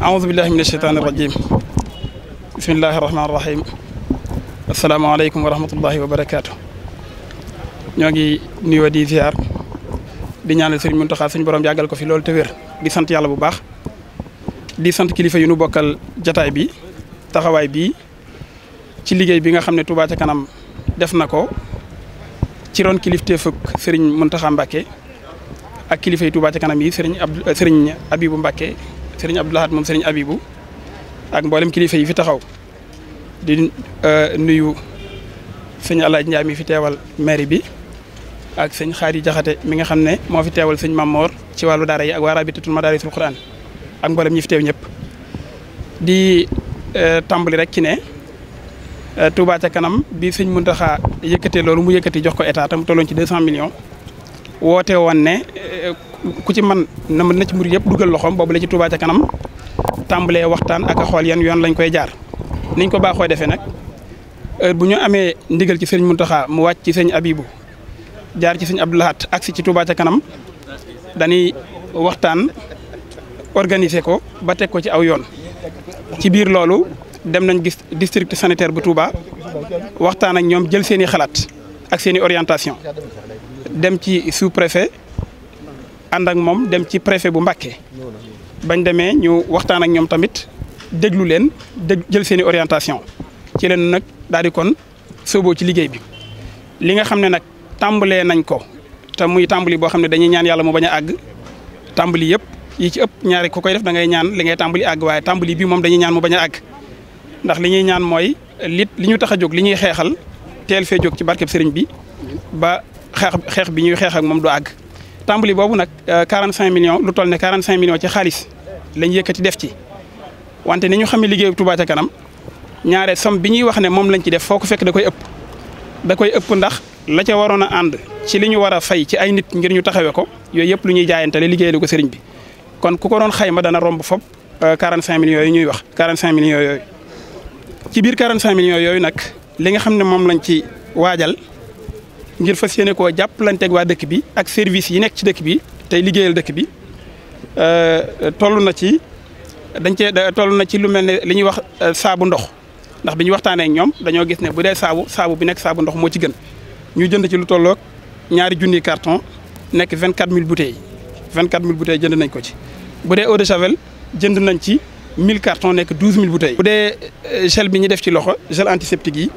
aouzu billahi min asheytaan irajim bismillahi irahmani irahim asalaamaaleykum wa rahmatullahi wa barakaatu ñoo ngi nuyoo di ziar di ñaanal sëriñ Muntaxa suñu borom yàggal ko fi loolu te wér di sant yàlla bu baax di sant kilifa yu nu bokkal jataay bi taxawaay bi ci liggéey bi nga xam ne Touba ca kanam def na ko ci ron kilifteefug sëriñ Muntaxa Mbàkke ak kilifa yi Touba ca kanam yi sëriñ ab sëriñ Abibu Mbàkke sëriñ Abdou Lahad moom sëriñ Abibou ak mboolem kilifa yi fi taxaw di euh, nuyu sëñ Alaaj Njaay mi fi teewal mairie bi ak sëñ Xaari Jaxate mi nga xam ne moo fi teewal sëñ Mamor ci wàllu daara yi ak waa rabitatul madaarisul Quraan ak mboolem ñi fi teew ñëpp di euh, tàmbali rek ci ne euh, Touba ca kanam bi sëñ Muntaxa yëkkatee loolu mu yëkkati jox ko état tam tolloon ci 200 millions woote woon ne ku ci man na na ci murid yëpp dugal loxoom boobu la ci Touba ca kanam tàmbalee waxtaan ak xool yan yoon lañ koy jaar niñ ko baaxoo defee nag bu ñu amee ndigal ci sëñ Mountakha mu wàcc ci sëñ Abibou jaar ci sëñ Abdou Lahat agsi ci Touba ca kanam dañuy waxtaan organiser ko ba teg ko ci aw yoon ci biir loolu dem nañ gis district sanitaire bu Touba waxtaan ak ñoom jël seen i xalaat ak seen i orientation dem ci sous-préfet ànd ak moom dem ci préfet bu Mbacké bañ demee ñu waxtaan ak ñoom tamit déglu leen dég jël seen i orientation ci leen nag daal di kon sóoboo ci liggéey bi li nga xam ne nag tàmbalee nañ ko te muy tàmbali boo xam ne dañuy ñaan yàlla mu bañ a àgg tàmbali yëpp yi ci ëpp ñaari ko koy def da ngay ñaan li ngay tàmbali àgg waaye tàmbali bi moom dañuy ñaan mu bañ a àgg ndax li ñuy ñaan mooy li li ñu tax a jóg li ñuy xeexal teel fee jóg ci barkeb sëriñ bi ba xeex xeex bi ñuy xeex ak moom du àgg tàmbali boobu nag 45 euh, millions lu toll ne 45 millions ci xaalis lañ yëkkati def ci wante ni ñu xam ne liggéey Touba ca kanam ñaare somme bi ñuy wax ne moom lañ ci def foo ko fekk da koy ëpp da koy ëpp ndax la ca waroon a ànd ci li ñu war a fay ci ay nit ngir ñu taxawee ko yooyu yëpp lu ñuy jaayantale liggéey lu ko sëriñ bi kon ku ko doon xayma dana romb fop 45 euh, millions yooyu ñuy wax 45 millions yooyu ci biir 45 millions yooyu nag li nga xam ne moom lañ ci waajal ngir fas yéene koo jàppalanteeg waa dëkk bi ak service yi nekk ci dëkk bi tey liggéeyal dëkk bi euh, toll na ci dañ cee toll na ci lu mel ne li ñuy wax euh, saabu ndox ndax bi ñu waxtaanee ñoom dañoo gis ne bu dee saabu saabu bi nekk saabu ndox moo ci gën ñu jënd ci lu tolloog ñaari junni carton nekk 24000 bouteilles 24000 bouteilles jënd nañ ko ci bu dee eau de javel jënd nañ ci 1000 carton nekk 12000 bouteilles. bu dee euh, gel bi ñu def ci loxo gel antiseptique yi.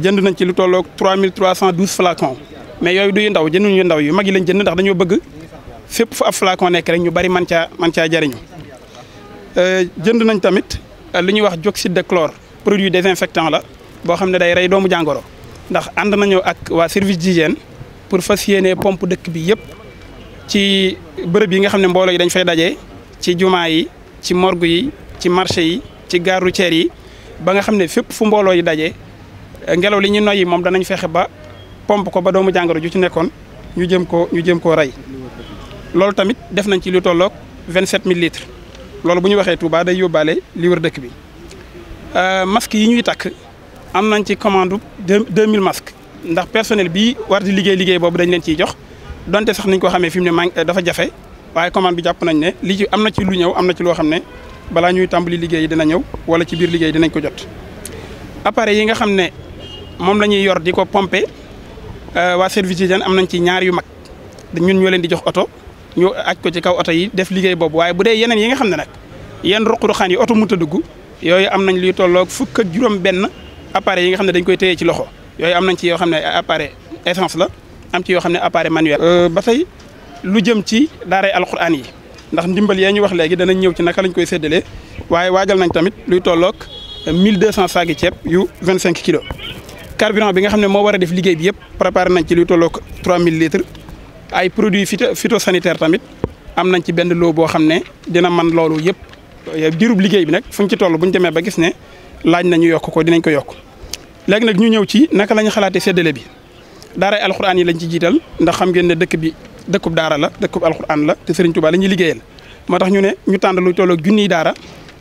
jënd nañ ci lu tolloog 3312 flacons mais yooyu du yu ndaw jënduñu yu ndaw yu mag yi lañ jënd ndax dañoo bëgg fépp fu ab flacon nekk rek ñu bari man caa man caa jariñu euh, jënd nañ tamit euh, li ñuy wax dioxyde de chlore produit désinfectant la boo xam ne day rey doomu jàngoro ndax ànd nañoo ak waa service d'hygiène pour fas yéene pompe dëkk bi yëpp ci bërëb yi nga xam ne mbooloo yi dañ fay daje ci jumaa yi ci morgue yi ci marché yi ci gare routière yi ba nga xam ne fépp fu mbooloo yi daje. ngelaw li ñu noyyi moom danañ fexe ba pompe ko ba doomu jàngoro ju ci nekkoon ñu jëm ko ñu jëm koo rey loolu tamit def nañ ci lu tolloog 27000 litres loolu bu ñu waxee tubaa day yóbbaale li wër dëkk bi euh, masques yi ñuy takk am nañ ci commande deux 2000 masques ndax personnel bi war di liggéey liggéey boobu dañ leen ciy jox donte sax niñ ko xamee fi mu ne man dafa jafe waaye commande bi jàpp nañ ne li ci am na ci lu ñëw am na ci loo xam ne balaa ñuy tàmbali liggéey dina ñëw wala ci biir liggéey dinañ ko jot appareil nga xam ne moom la ñuy yor di ko pompe euh, waa service d'hygiène am nañ ci ñaar yu mag ñun ñoo leen di jox oto ñu aj ko ci kaw oto yi def liggéey boobu waaye bu dee yeneen yi nga xam ne nag yan ruq-ruqaan yi oto mënut dugg yooyu am nañ luy tolloog fukk juróom-benn appareil yi nga xam ne dañ koy téye ci loxo yooyu am nañ ci yoo xam ne appareil essence la am ci yoo xam ne appareil manuel. Euh, ba tey lu jëm ci daaray alquran yi ndax ndimbal yaa ñu wax léegi danañ ñëw ci naka lañ koy séddalee waaye waajal nañ tamit luy tollook mille deux 1200 saagi ceeb yu 25 kilos. carburant bi nga xam ne moo war a def liggéey bi yëpp préparé nañ ci luy tolloog 3000 litres ay produits phyto sanitaire tamit am nañ ci benn loo boo xam ne dina man loolu yëpp diirub liggéey bi nag fu ñu ci toll bu ñu demee ba gis ne laaj nañu yokk ko dinañ ko yokk léegi nag ñu ñëw ci naka la ñu xalaatee séddale bi daaray alxuraan yi lañ ci jiital ndax xam ngeen ne dëkk bi dëkkub daara la dëkkub alxuraan la te Serigne Touba la ñuy liggéeyal moo tax ñu ne ñu tànn luy tolloog junniy daara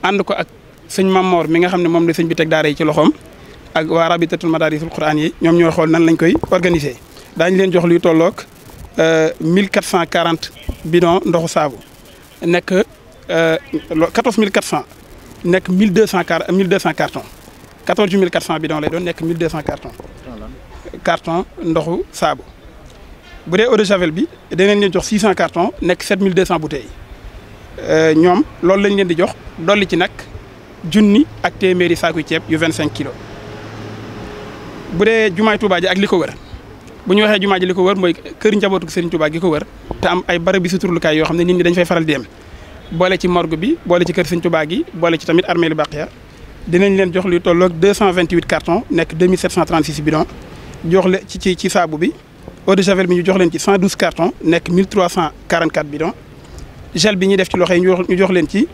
ànd ko ak sëñ Mamor mi nga xam ne moom la sëñ bi teg daara ci loxoom ak waa rabitatul madarisul quran yi ñoom ñoo xool nan lañ koy organiser daañ leen jox luy tolloog 1440 euh, bidon ndoxu saabu nekk 14400 euh, nekk 1200 1200 cartons 14400 bidon lay doon nekk 1200 cartons. carton ndoxu saabu bu dee eau de javel bi danañ leen jox 600 cartons nekk 7200 bouteilles euh, ñoom loolu lañ leen di jox dolli ci nag junni ak téeméeri saaku ceeb yu cinq kilos. bu dee jumaay Touba ji ak li ko wër bu ñu waxee jumaa ji li ko wër mooy kër njabootu sëriñ Touba gi ko wër te am ay barab bi suturlukaay yoo xam ne nit ñi dañ fay faral di dem boole ci morgue bi boole ci kër sëriñ Touba gi boole ci tamit armée lu Baqiya dinañ leen jox lu tolloog 228 cartons nekk 2736 bidons jox le ci ci ci saabu bi eau de javel bi ñu jox leen ci 112 cartons nekk 1344 bidons gel bi ñuy def ci loxo yi ñu jox leen ci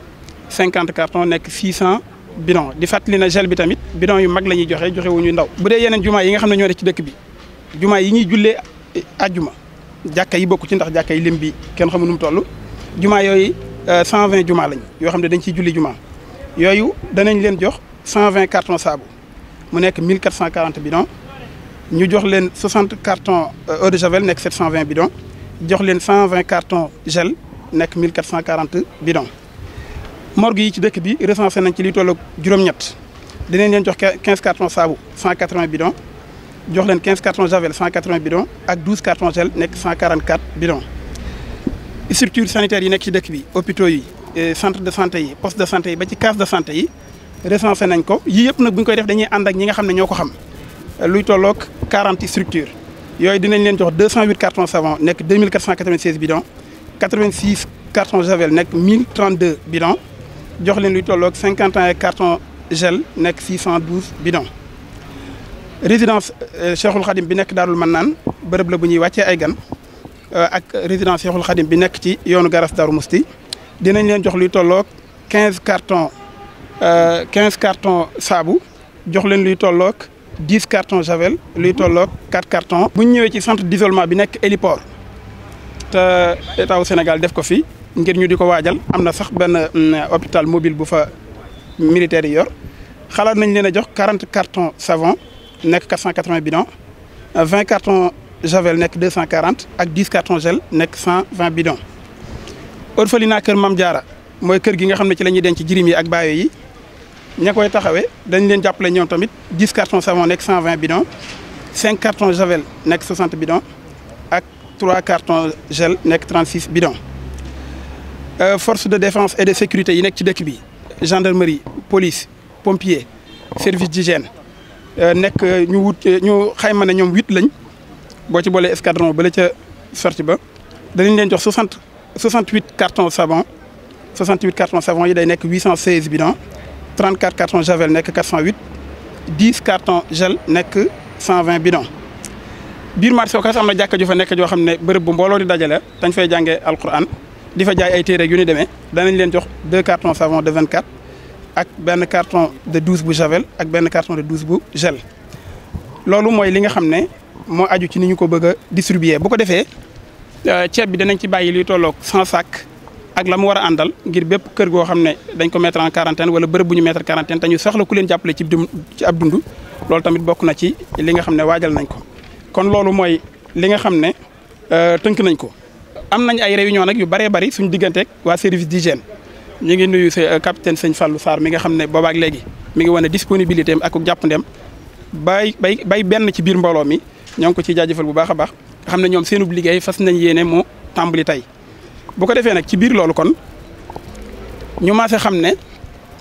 50 cartons nekk 600 bidon di fàttali na gel bi tamit bidon yu mag la ñuy joxe joxe wu ñu ndaw bu dee yeneen jumaa yi nga xam ne ñoo ci dëkk bi jumaa yi ñuy a eh, juma jàkka yi bokk ci ndax jàkka yi lim bi kenn xamul nu mu toll jumaa yooyu juma euh, jumaa lañ yoo xam ne dañ ciy julli jumaa yooyu danañ leen jox 120 carton saabu mu nekk 1440 bidon ñu jox leen 60 carton euh, eau de javel nekk 720 bidon jox leen 120 carton gel nekk 1440 bidon morgue yi ci dëkk bi recensé nañ ci li toll ak juróom-ñett dinañ leen jox 15 cartons saabu 180 bidons jox leen 15 cartons javel 180 bidons ak 12 cartons gel nekk 144 bidons. structures sanitaires yi nekk ci dëkk bi hôpitaux yi centre de santé yi poste de santé yi ba ci case de santé yi recensé nañ ko yii yëpp nag bu koy def dañuy ànd ak ñi nga xam ne ñoo ko xam luy tolloog 40 structures yooyu dinañ leen jox 208 cartons savon nekk 2496 bidons 86 cartons javel nekk 1032 bidons. jox leen luy tollook cinquante ans et carton gel nekk six cent douze bidon résidence euh, Cheikhul Khadim bi nekk Daarul man naan bërëb la bu ñuy wàccee ay gan euh, ak résidence Cheikhul xadim bi nekk ci yoonu garas Daaru Musti dinañ leen jox luy tolloog quinze carton euh, quinze carton saabu jox leen luy tolloog dix carton javel luy tolloog quatre carton bu ñu ñëwee ci centre d'isolement bi nekk héliport te état wu Sénégal def ko fi ngir ñu di ko waajal am na sax benn mm, hôpital mobile bu fa militaire yi yor xalaat nañ leen a jox quarante cartons savon nekk quatre cent quatre vingt bidons vingt cartons javel nekk deux cent quarante ak dix cartons gel nekk cent vingt bidons. orphelinat kër Mame Diarra mooy kër gi nga xam ne ci la ñuy denc jirim yi ak baayo yi ña koy taxawee dañ leen jàppale ñoom tamit dix cartons savon nekk cent vingt bidons cinq cartons javel nekk soixante bidons ak trois cartons gel nekk trente six bidons. Euh, force de défense et de sécurité yi nekk ci dëkk bi gendarmerie police pompier service d'hygiène euh, nekk euh, ñu wut ñu xayma ne ñoom huit lañ boo ci boolee escadron ba la ca sorti ba danañ leen jox soixante soixante huit cartons savon soixante huit cartons savon yi day nekk huit cent seize bidons trente quatre cartons javel nekk quatre cent huit dix cartons gel nekk cent vingt bidons. biir marché Ocass am na jàkka ju fa nekk joo xam ne bërëb bu mbooloo di dajale dañ fay jàngee alquran. di fa jaay ay téere yu ni demee danañ leen jox deux cartons savon de 24 ak benn carton de 12 bu javel ak benn carton de 12 bu gel. loolu mooy li nga xam ne moo aju ci ni ñu ko bëgg a distribuer bu ko defee euh, ceeb bi danañ ci bàyyi luy tolloog 100 sacs ak la mu war a àndal ngir bépp kër goo xam ne dañ ko mettre en quarantaine wala bërëb bu ñu mettre quarantaine te ñu soxla ku leen jàppale ci ci ab dund loolu tamit bokk na ci li nga xam ne waajal nañ ko kon loolu mooy li nga xam ne euh, tënk nañ ko. am nañ ay réunion nag yu bëree bëri suñu digganteeg waa service d'hygiène ñu ngi nuyu euh, capitaine sëñ Fallou saar mi nga xam ne boobaak léegi mi ngi wane disponibilité am ak jàppandem bay bay bay benn ci biir mbooloo mi ñoo ngi ko ciy jaajëfal bu baax a baax nga xam ne ñoom seenub liggéey fas nañ yéene mu tàmbali tey bu ko defee nag ci biir loolu kon ñu maase xam ne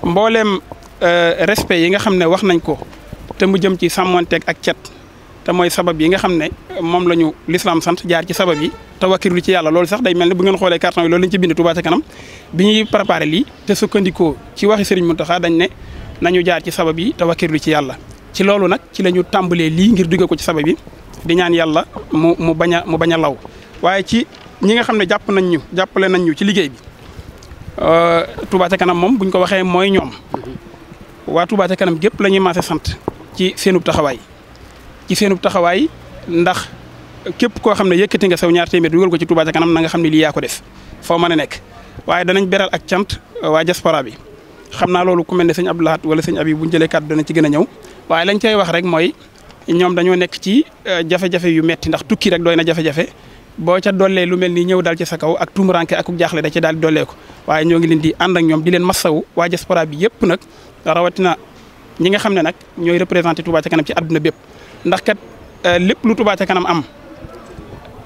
mbooleem euh, respect yi nga xam ne wax nañ ko te mu jëm ci sàmmonteeg ak cet te mooy sabab yi nga xam ne moom la ñu lislaam sant jaar ci sabab yi te wakkirlu ci yàlla loolu sax day mel ni bu ngeen xoolee carton yi loolu lañ ci bind Touba ca kanam bi ñuy préparé lii te sukkandikoo ci waxi Serigne Mountakha dañ ne nañu jaar ci sabab yi te wakkirlu ci yàlla ci loolu nag ci la ñu tàmbalee lii ngir duggee ko ci sabab yi di ñaan yàlla mu mu bañ a mu bañ a law waaye ci ñi nga xam ne jàpp nañ ñu jàppale nañ ñu ci liggéey bi euh, Touba ca kanam moom buñ ko waxee mooy ñoom mm-hmm. waa Touba kanam gépp la ñuy maase sant ci seenub taxawaay ci seenub taxawaay ndax képp koo xam ne yëkkati nga saw ñaar téeméer dugal ko ci Touba ca kanam na nga xam ne lii ko def foo mën a nekk waaye danañ beral ak cant uh, waa diaspora bi xam naa loolu ku mel ne sëñ Abdou Lahat wala sëñ Abi bu ñu jëlee kàddu dana ci gën a ñëw waaye lañ cay wax rek mooy ñoom dañoo nekk ci uh, jafe-jafe yu metti ndax tukki rek doy na jafe boo ca dollee lu mel ni ñëw daal ci sa kaw ak tumuranke ak jaaxle da ca daal di dollee ko waaye ñoo ngi leen di ànd ñoom di leen masawu waa diaspora bi yëpp nag rawatina ñi nga xam ne nag ñooy représenté Touba ca kanam ci àdduna bépp ndax kat euh, lépp lu Touba ca kanam am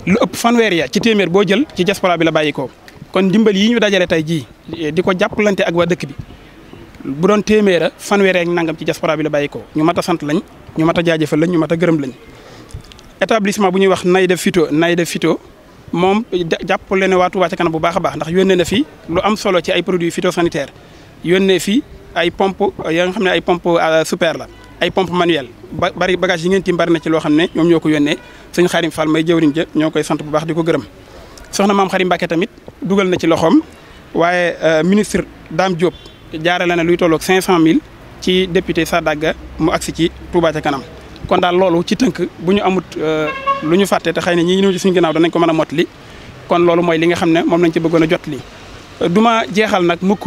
lu ëpp fanweer ya ci téeméer boo jël ci diaspora bi la bàyyi ko kon ndimbal yi ñu dajale tey jii di ko jàppalante ak waa dëkk bi bu doon téeméer a fanweer ak nangam ci diaspora bi la bàyyi ko ñu mat a sant lañ ñu mat a lañ ñu mat a gërëm lañ établissement bu ñuy wax nay Naïda Fito nay Naïda Fito moom jàppale ne waa Touba ca kanam bu baax a baax ndax yónnee na fi lu am solo ci ay fito phytosanitaires yónnee fi ay pompe ya nga xam ne ay pompe euh, super la ay pompe manuelle ba bari bagage yi ngeen tiim bari na ci loo xam ne ñoom ñoo ko yónnee sëñ Xarim Fall may jëwriñ jë ñoo koy sant bu baax di ko gërëm soxna maam Xarim Mbàkke tamit dugal na ci loxoom waaye euh, ministre Dame Diop jaarale na luy cent mille ci député Sadaga mu agsi ci Touba ca kanam kon daal loolu ci tënk bu ñu amut euh, lu ñu fàtte te xëy na ñi ñëw ci suñu danañ ko mën a mot li kon loolu mooy li nga xam ne moom nañ ci bëggoon a jot li euh, duma jeexal nag mukk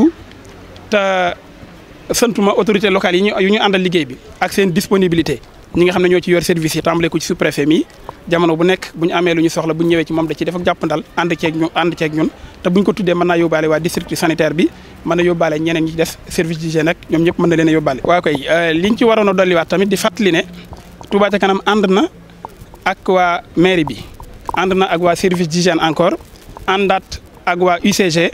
santuma autorité locale yi ñu yu ñu àndal liggéey bi ak seen disponibilité ñi nga xam ne ñoo ci yor service yi tàmbale ko ci sous-préfet mi jamono bu nekk bu ñu amee lu ñu soxla bu ñu ñëwee ci moom da ci def ak jàppandal ànd ceeg ñu ànd ñun te buñ ko tuddee mën naa yóbbaale waa district sanitaire bi mën na yóbbaale ñeneen des service d'hygiène nag ñoom ñëpp mën a yóbbaale waaw koy euh, liñ ci waroon a dolliwaat tamit di fàttali ne Touba ca kanam ànd na ak waa mairie bi ànd na ak waa service d'hygiène encore àndaat ak waa UCG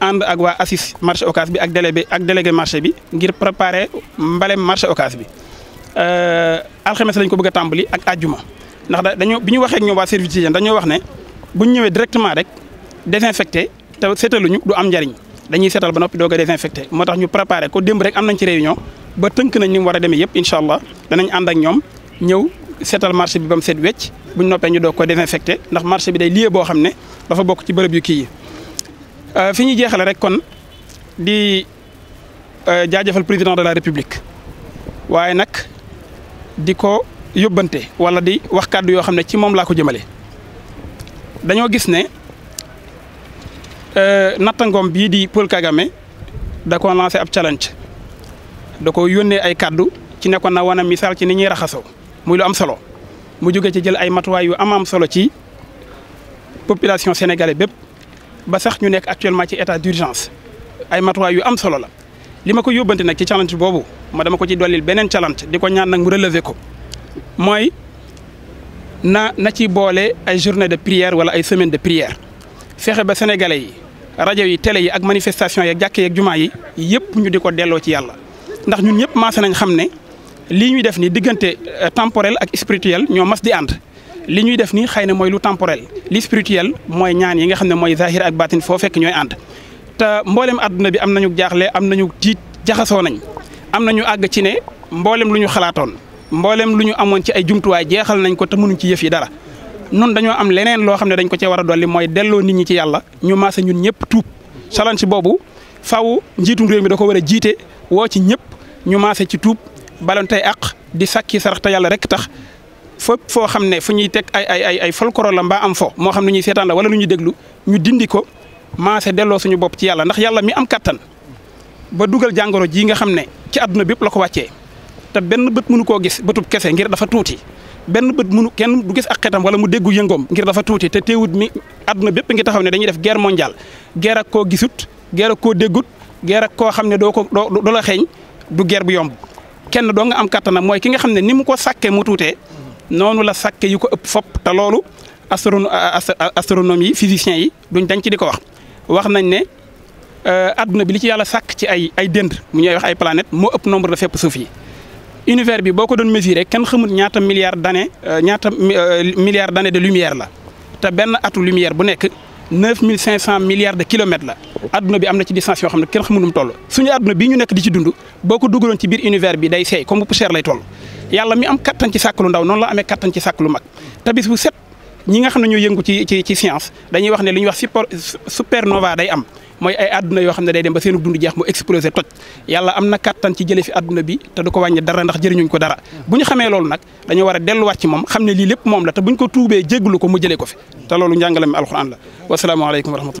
ànd ak waa assis marché Ocass bi ak délégué ak délégué marché bi ngir préparer mbalem marché Ocass bi euh, alxames lañ ko bëgg a tàmbali ak àjjuma ndax dañoo bi ñu waxee ak ñoom waa service d'hygiène dañoo wax ne bu ñu ñëwee directement rek désinfecté te seetaluñu du am njariñ dañuy seetal ba noppi doog a désinfecté moo tax ñu préparé ko démb rek am nañ ci réunion ba tënk nañ ni mu war a demee yëpp incha allah danañ ànd ak ñoom ñëw seetal marché bi ba mu set wecc bu ñu noppee ñu doog ko désinfecté ndax marché bi day lieu boo xam ne dafa bokk ci bërëb yu kii yi. Euh, fi ñuy jeexale rek kon di euh, jaajëfal président de la république waaye nag di ko yóbbante wala di wax kàddu yoo xam ne ci moom laa ko jëmale dañoo gis ne euh, nattangoom bii di Paul Kagame da ko lancé ab challenge da ko yónnee ay kàddu ci nekkoon na wana misaal ci ni ñuy raxasoo muy lu am solo mu jóge ci jël ay matuwaay yu am am solo ci population sénégalaise bépp. ba sax ñu nekk actuellement ci état d'urgence ay matuwaay yu am solo la li ma ko yóbbante nag ci challenge boobu ma dama ko ci dollil beneen challenge di ko ñaan nag mu relever ko mooy na na ci boole ay journée de prière wala ay semaine de prière fexe ba sénégalais yi rajo yi tele yi ak manifestation yeeg jàkkee yeeg jumaa yi yëpp ñu di ko delloo ci yàlla ndax ñun ñëpp maase nañ xam ne lii ñuy def ni diggante euh, temporel ak spirituel ñoo mas di ànd li ñuy def nii xëy na mooy lu temporel li spirituel mooy ñaan yi nga xam ne mooy zahir ak baatin foo fekk ñooy ànd te mboolem àdduna bi am nañu jaaxle am nañu tiit jaxasoo nañ am nañu àgg ci ne mboolem lu ñu xalaatoon mboolem lu ñu amoon ci ay jumtuwaay jeexal nañ ko te mënuñ ci yëf yi dara nun dañoo am leneen loo xam ne dañ ko cee war a dolli mooy delloo nit ñi ci yàlla ñu maase ñun ñëpp tuub salaan si boobu faw njiitum réew mi da ko war a jiite woo ci ñëpp ñu maase ci tuub balon tey àq di sakki sarax te yàlla rek tax fépp foo xam ne fu ñuy teg ay ay ay ay folklore la mbaa am fo moo xam ne ñuy seetaan la wala lu ñuy déglu ñu dindi ko maase delloo suñu bopp ci yàlla ndax yàlla mi am kattan ba dugal jàngoro jii nga xam ne ci àdduna bépp la ko wàccee te benn bët mënu koo gis bëtub kese ngir dafa tuuti benn bët mënu kenn du gis ak xetam wala mu déggu yëngoom ngir dafa tuuti te teewut mi àdduna bépp ngi taxaw ne dañuy def guerre mondiale guerre koo gisut guerre koo déggut guerre koo xam ne doo ko doo la xeeñ du bu yomb kenn doo nga am mooy ki nga xam ne ni mu ko sàkkee mu tuutee noonu la sàkk yi ko ëpp fopp te loolu astron astronome yi physiciens yi duñ dañ ci di ko wax wax nañ ne euh, adduna bi li ci yàlla sàkk ci ay ay dënd mu ñuy wax ay planète moo ëpp nombre la fépp suuf yi univers bi boo ko doon mesurer kenn xamul ñaata milliards d'années euh, ñaata euh, milliards d'années de lumière la te benn atu lumière bu nekk neuf mille milliards de kilomètres la adduna bi am na ci distance xam ne kenn xamul nu suñu adduna bii ñu nekk di ci dund boo ko dugaloon ci biir univers bi day seey comme poussière lay toll yàlla mi am kattan ci sàkk lu ndaw noonu la amee kattan ci sàkk lu mag te bu set ñi nga xam ne ñoo yëngu ci ci ci science dañuy wax ne li ñuy wax super supernova day am mooy ay àdduna yoo xam ne day dem ba seen dundu jeex mu explosé toj yàlla am na kàttan ci jële fi àdduna bi te du ko wàññi dara ndax jëriñuñ ko dara bu ñu xamee loolu nag dañu war a delluwaat ci moom xam ne lii lépp moom la te buñ ko tuubee jégglu ko mu jëlee ko fi te loolu njàngale mi alxuraan la wasalaamaaleykum wa rahmatullah